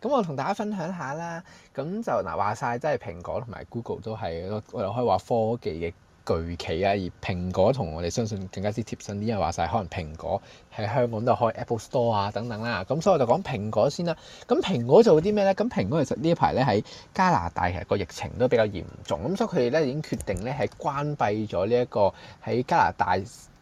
咁我同大家分享下啦。咁就嗱話晒，即係蘋果同埋 Google 都係我哋可以話科技嘅巨企啊。而蘋果同我哋相信更加之貼身啲，因為話晒，可能蘋果喺香港都開 Apple Store 啊等等啦。咁所以我就講蘋果先啦。咁蘋果做啲咩咧？咁蘋果其實呢一排咧喺加拿大其實個疫情都比較嚴重咁，所以佢哋咧已經決定咧係關閉咗呢一個喺加拿大，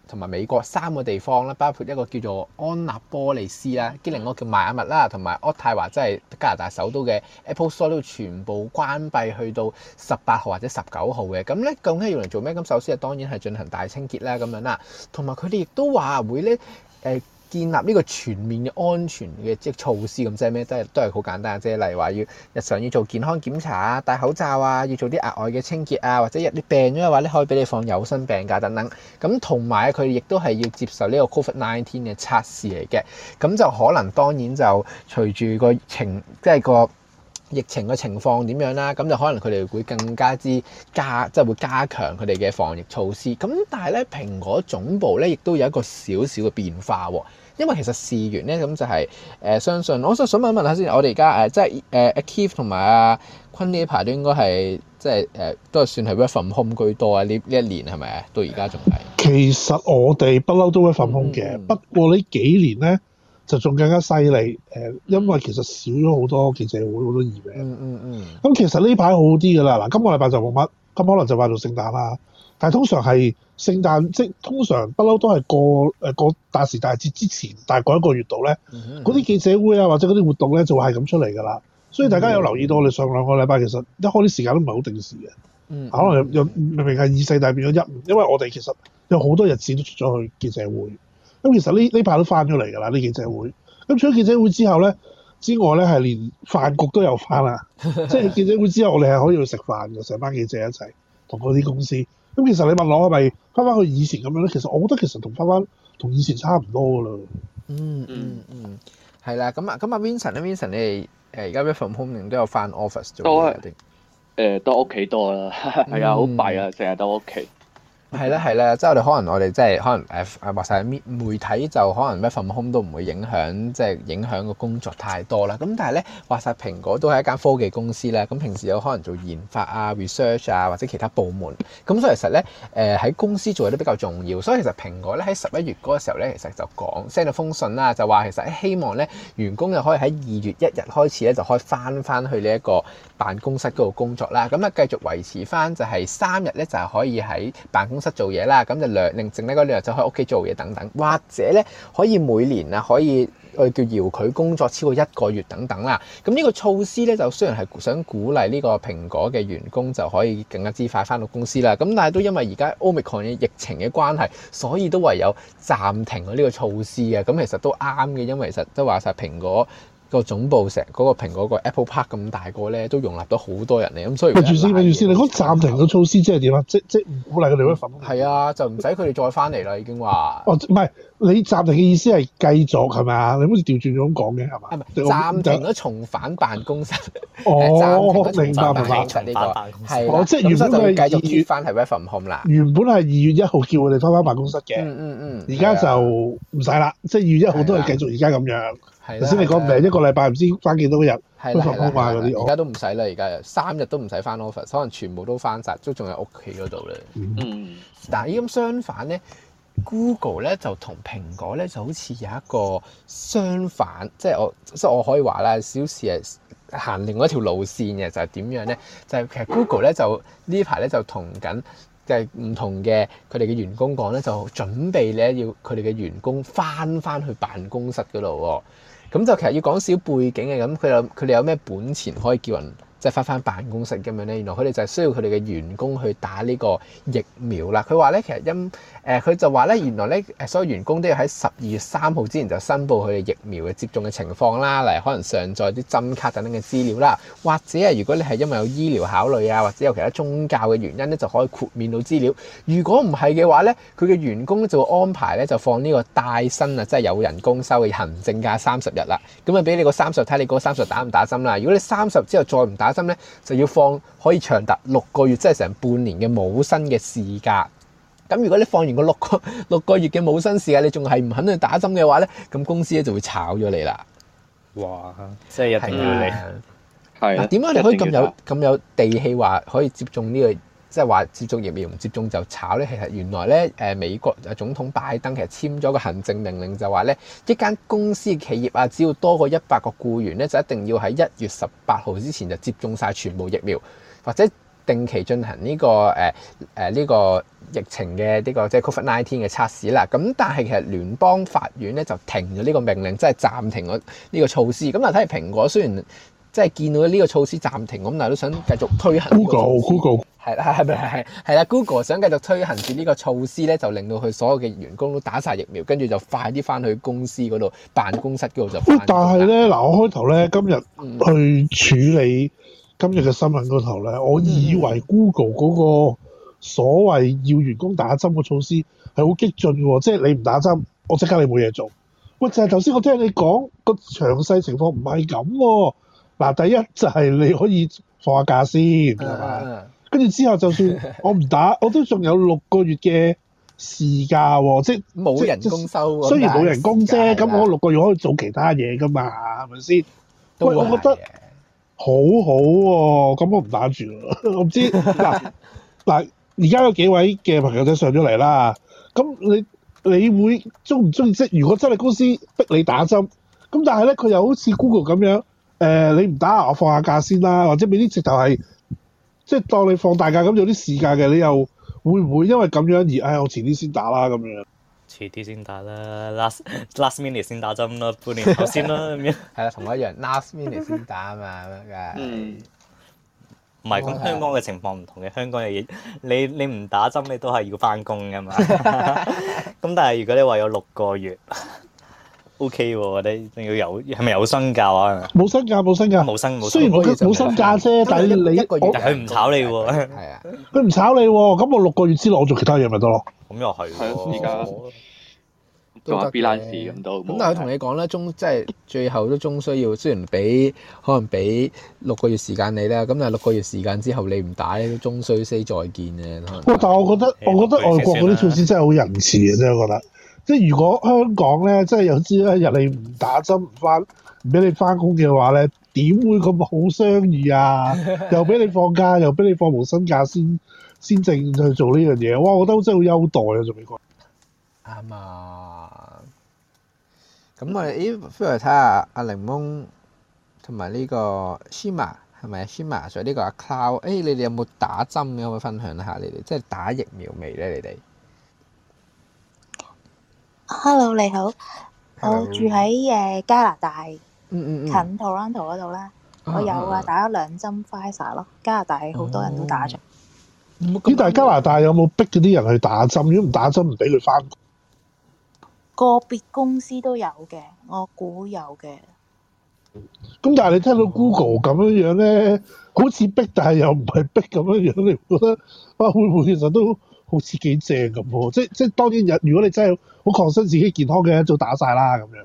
同埋美國三個地方啦，包括一個叫做安納波利斯啦，兼零個叫邁阿密啦，同埋渥太華，即係加拿大首都嘅 Apple Store 都全部關閉，去到十八號或者十九號嘅。咁究竟係用嚟做咩？咁首先啊，當然係進行大清潔啦，咁樣啦。同埋佢哋亦都話會呢，誒、呃。建立呢個全面嘅安全嘅即係措施咁，即係咩？都係都係好簡單嘅啫。例如話要日常要做健康檢查啊，戴口罩啊，要做啲額外嘅清潔啊，或者一你病咗嘅話，咧可以俾你放有薪病假等等。咁同埋佢亦都係要接受呢個 Covid 19嘅測試嚟嘅。咁就可能當然就隨住個情，即係個。疫情嘅情況點樣啦？咁就可能佢哋會更加之加，即係會加強佢哋嘅防疫措施。咁但係咧，蘋果總部咧，亦都有一個少少嘅變化。因為其實事月咧事緣，咁就係誒相信，我想想問一問一下先。我哋而家誒，即係誒 a k i e f e 同埋啊坤呢一排都應該係即係誒，都係算係 work from home 居多啊。呢呢一年係咪啊？到而家仲係。其實我哋不嬲都 work from home 嘅，嗯、不過呢幾年咧。就仲更加犀利，誒，因為其實少咗好多記者會、好多議員。嗯嗯，咁其實呢排好啲㗎啦，嗱，今個禮拜就冇乜，今可能就快到聖誕啦。但係通常係聖誕即通常不嬲都係過誒過大時大節之前，大概一個月度咧，嗰啲記者會啊或者嗰啲活動咧就係咁出嚟㗎啦。所以大家有留意到，我哋上兩個禮拜其實一開啲時間都唔係好定時嘅。Mm hmm. 可能又明明係二世，大係變咗一，因為我哋其實有好多日子都出咗去記者會。咁其實呢呢排都翻咗嚟㗎啦，呢記者會。咁除咗記者會之後咧，之外咧係連飯局都有翻啊。 即係記者會之後，我哋係可以去食飯嘅，成班記者一齊同嗰啲公司。咁其實你問我係咪翻翻去以前咁樣咧？其實我覺得其實同翻翻同以前差唔多噶咯、嗯。嗯嗯嗯，係啦。咁啊咁啊，Vincent 咧，Vincent 你哋誒而家 work from home 都有翻 office 做嘅嗰啲？誒多，都屋企多啦。係、 哎呀嗯、啊，好弊啊，成日到屋企。係啦，係啦，即係我哋可能我哋即係可能誒誒、啊、話晒媒體就可能 work from home 都唔會影響，即、就、係、是、影響個工作太多啦。咁但係咧，話晒蘋果都係一間科技公司啦。咁、嗯、平時有可能做研發啊、research 啊或者其他部門。咁所以其實咧，誒、呃、喺公司做嘢都比較重要。所以其實蘋果咧喺十一月嗰個時候咧，其實就講 send 咗封信啦，就話其實希望咧員工就可以喺二月一日開始咧就可以翻翻去呢一個辦公室嗰度工作啦。咁啊繼續維持翻就係三日咧就係可以喺辦公室做嘢啦，咁就兩零剩咧嗰兩日就喺屋企做嘢等等，或者咧可以每年啊可以去叫遙距工作超過一個月等等啦。咁呢個措施咧就雖然係想鼓勵呢個蘋果嘅員工就可以更加之快翻到公司啦。咁但係都因為而家 Omicron 嘅疫情嘅關係，所以都唯有暫停呢個措施啊。咁其實都啱嘅，因為其實都話晒蘋果。個總部成日嗰個蘋果個 Apple Park 咁大個咧，都容納到好多人嚟。咁所以，咪住先，咪住先。你講暫停嘅措施即係點啊？即即唔鼓勵佢哋去返工係啊，就唔使佢哋再翻嚟啦。已經話哦，唔係你暫停嘅意思係繼續係咪啊？你好似調轉咗咁講嘅係嘛？係咪暫停咗重返辦公室？哦，明白重返辦公室呢個係原本係繼續翻係 Work from Home 啦。原本係二月一號叫我哋返翻辦公室嘅，嗯嗯嗯。而家就唔使啦，即二月一號都係繼續而家咁樣。頭先你講誒的一個禮拜唔知翻幾多日，封城封話嗰啲，而家都唔使啦，而家三日都唔使翻 office，可能全部都翻曬，都仲喺屋企嗰度咧。嗯、但係咁相反咧，Google 咧就同蘋果咧就好似有一個相反，即、就、係、是、我即係、就是、我可以話啦，小視係行另外一條路線嘅，就係、是、點樣咧？就係、是、其實 Google 咧就呢排咧就同緊，就係唔同嘅佢哋嘅員工講咧，就準備咧要佢哋嘅員工翻翻去辦公室嗰度喎。咁就其實要講少背景嘅，咁佢有佢哋有咩本錢可以叫人？即係返返辦公室咁樣咧，原來佢哋就係需要佢哋嘅員工去打呢個疫苗啦。佢話咧，其實因誒佢、呃、就話咧，原來咧誒所有員工都要喺十二月三號之前就申報佢哋疫苗嘅接種嘅情況啦，例如可能上載啲針卡等等嘅資料啦，或者啊，如果你係因為有醫療考慮啊，或者有其他宗教嘅原因咧，就可以豁免到資料。如果唔係嘅話咧，佢嘅員工就會安排咧就放呢個帶薪啊，即係有人工收嘅行政假三十日啦。咁啊，俾你個三十睇你嗰三十打唔打針啦。如果你三十之後再唔打，打針咧就要放可以長達六個月，即係成半年嘅冇薪嘅時間。咁如果你放完個六個六個月嘅冇薪時間，你仲係唔肯定打針嘅話咧，咁公司咧就會炒咗你啦。哇！即係一定要你係啊？點解你可以咁有咁有地氣話可以接種呢個？即係話接種疫苗唔接種就炒咧，其實原來咧誒美國誒總統拜登其實簽咗個行政命令就話咧，一間公司企業啊，只要多過一百個僱員咧，就一定要喺一月十八號之前就接種晒全部疫苗，或者定期進行呢個誒誒呢個疫情嘅呢個即係 COVID-19 嘅測試啦。咁但係其實聯邦法院咧就停咗呢個命令，即係暫停咗呢個措施。咁嗱，睇下蘋果雖然。即係見到呢個措施暫停，咁但係都想繼續推行。Google，Google 係啦，係咪？係係係啦。Google 想繼續推行住呢個措施咧，就令到佢所有嘅員工都打晒疫苗，跟住就快啲翻去公司嗰度辦公室嗰度就。但係咧，嗱我開頭咧今日去處理今日嘅新聞嗰頭咧，嗯、我以為 Google 嗰個所謂要員工打針嘅措施係好激進喎，即係你唔打針，我即刻你冇嘢做。喂，就係頭先我聽你講個詳細情況唔係咁喎。嗱，第一就係、是、你可以放下假先，跟住、啊、之後，就算我唔打， 我都仲有六個月嘅時間喎、哦，即係冇人工收。雖然冇人工啫，咁我六個月可以做其他嘢㗎嘛，係咪先？喂、啊，我覺得好好、哦、喎，咁我唔打住。我唔知嗱嗱，而家 有幾位嘅朋友仔上咗嚟啦。咁你你會鍾唔鍾意？即係如果真係公司逼你打針，咁但係咧，佢又好似 Google 咁樣。 誒、呃，你唔打，我放下假先啦，或者俾啲直頭係，即係當你放大假咁有啲時間嘅，你又會唔會因為咁樣而，唉、哎，我遲啲先打啦咁樣？遲啲先打啦，last last minute 先打針啦，半年後先啦咁樣。係啊，同我一樣，last minute 先打啊嘛咁樣。嗯。唔係，咁香港嘅情況唔同嘅，香港係你你唔打針，你都係要返工㗎嘛。咁 但係如果你話有六個月。O K 我哋仲要有係咪有薪假啊？冇薪假，冇薪假。冇薪，冇雖然佢冇薪假啫，但係你一個月我佢唔炒你喎。係啊，佢唔炒你喎，咁我六個月之內我做其他嘢咪得咯？咁又係而家都下 balance 咁，但係同你講咧，終即係最後都終需要，雖然俾可能俾六個月時間你啦，咁但係六個月時間之後你唔打，都終需 say 再見嘅、就是哦。但係我覺得，我覺得外國嗰啲措施真係好仁慈嘅，真係我覺得。即係如果香港咧，真係有朝一日你唔打針唔返，唔俾你返工嘅話咧，點會咁好相處啊？又俾你放假，又俾你放無薪假先先正去做呢樣嘢，哇！我覺得真係好優待啊，做美國。啱、嗯、啊！咁我哋咦，不如睇下阿檸檬同埋呢個 Simma 係咪 Simma？仲有呢個阿 Cloud，誒、欸，你哋有冇打針嘅可唔可以分享下你哋？即係打疫苗未咧？你哋？Hello，你好，我住喺誒加拿大，um, 近 Toronto 嗰度啦。Um, 我有啊，打咗兩針 Pfizer 咯。加拿大好多人都打咗。咁、嗯、但係加拿大有冇逼嗰啲人去打針？如果唔打針，唔俾佢返。個別公司都有嘅，我估有嘅。咁、嗯、但係你聽到 Google 咁樣樣咧，嗯、好似逼，但係又唔係逼咁樣樣，你覺得啊，會唔會其實都？好似幾正咁喎，即係即係當然，如果你真係好強身自己健康嘅人，就打晒啦咁樣。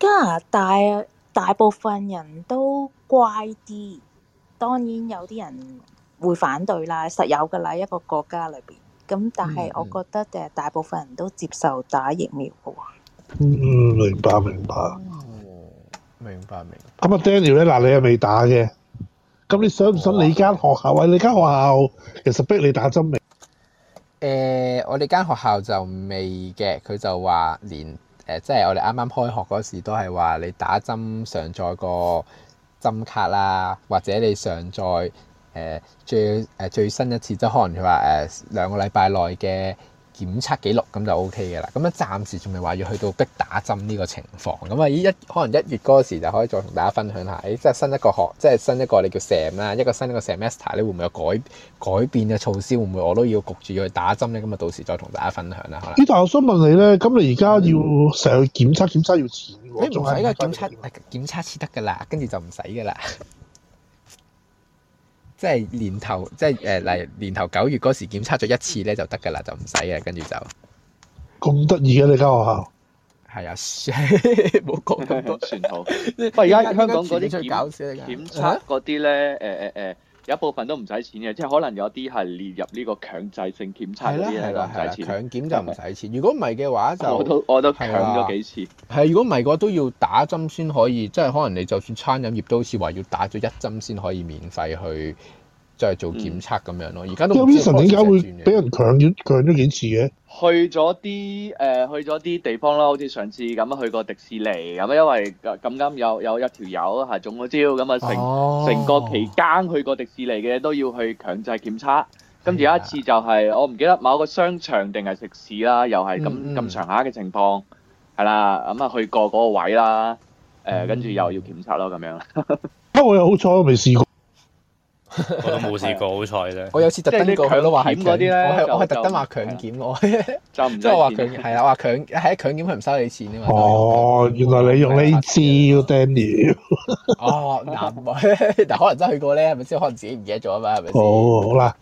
加拿大大部分人都乖啲，當然有啲人會反對啦，實有㗎啦一個國家裏邊。咁但係我覺得誒大部分人都接受打疫苗嘅喎、嗯。嗯，明白明白、嗯、明白，明白明白。咁啊、嗯嗯、Daniel 咧，嗱你又未打嘅？咁你想唔想你間學校喂，哦、你間學校其實逼你打針未？誒、呃，我哋間學校就未嘅，佢就話連誒、呃，即係我哋啱啱開學嗰時都係話你打針上載個針卡啦，或者你上載誒、呃、最誒、呃、最新一次，即係可能佢話誒兩個禮拜內嘅。檢測記錄咁就 OK 嘅啦，咁樣暫時仲未話要去到逼打針呢個情況，咁啊依一可能一月嗰時就可以再同大家分享下，誒、欸、即係新一個學，即係新一個你叫 Sem 啦，一個新一個 semester 你會唔會有改改變嘅措施，會唔會我都要焗住要去打針咧？咁啊到時再同大家分享啦。可能、欸。但我想問你咧，咁你而家要成日去檢測、嗯、檢測要錢喎？你唔係依個檢測查，檢測先得㗎啦，跟住就唔使㗎啦。 即係年頭，即係誒，嚟、呃、年頭九月嗰時檢測咗一次咧就得㗎啦，就唔使嘅。跟住就咁得意嘅，你間學校係啊，唔好講咁多玄號。喂，而家香港嗰啲檢、檢測嗰啲咧，誒誒誒。呃呃有一部分都唔使錢嘅，即係可能有啲係列入呢個強制性檢測啲嘢就唔使錢，係嘅，強檢就唔使錢。如果唔係嘅話，就我都我都強咗幾次。係，如果唔係嘅話，都要打針先可以，即係可能你就算餐飲業都好似話要打咗一針先可以免費去。就係做檢測咁樣咯，而、嗯、家都開始強，點解會俾人強檢咗幾次嘅、呃？去咗啲誒，去咗啲地方啦，好似上次咁樣，去過迪士尼咁樣，因為咁啱有有一條友係中咗招，咁啊成成個期間去過迪士尼嘅都要去強制檢測。跟住、哦、有一次就係、是、的我唔記得某一個商場定係食肆啦，又係咁咁長下嘅情況，係啦、嗯，咁啊、嗯嗯、去過嗰個位啦，誒、呃，跟住又要檢測咯咁樣。不過又好彩，我未試過。 我都冇試過，好彩啫。我有次特登去咯，話係強檢嗰啲咧。我係我係特登話強檢我，即係話強係啊話強係啊強檢佢唔收你錢啊嘛。哦， 原來你用呢招，Daniel。哦，但、啊、但、啊、可能真係去過咧，係咪先？可能自己唔記得咗啊嘛，係咪先？哦， 好啦。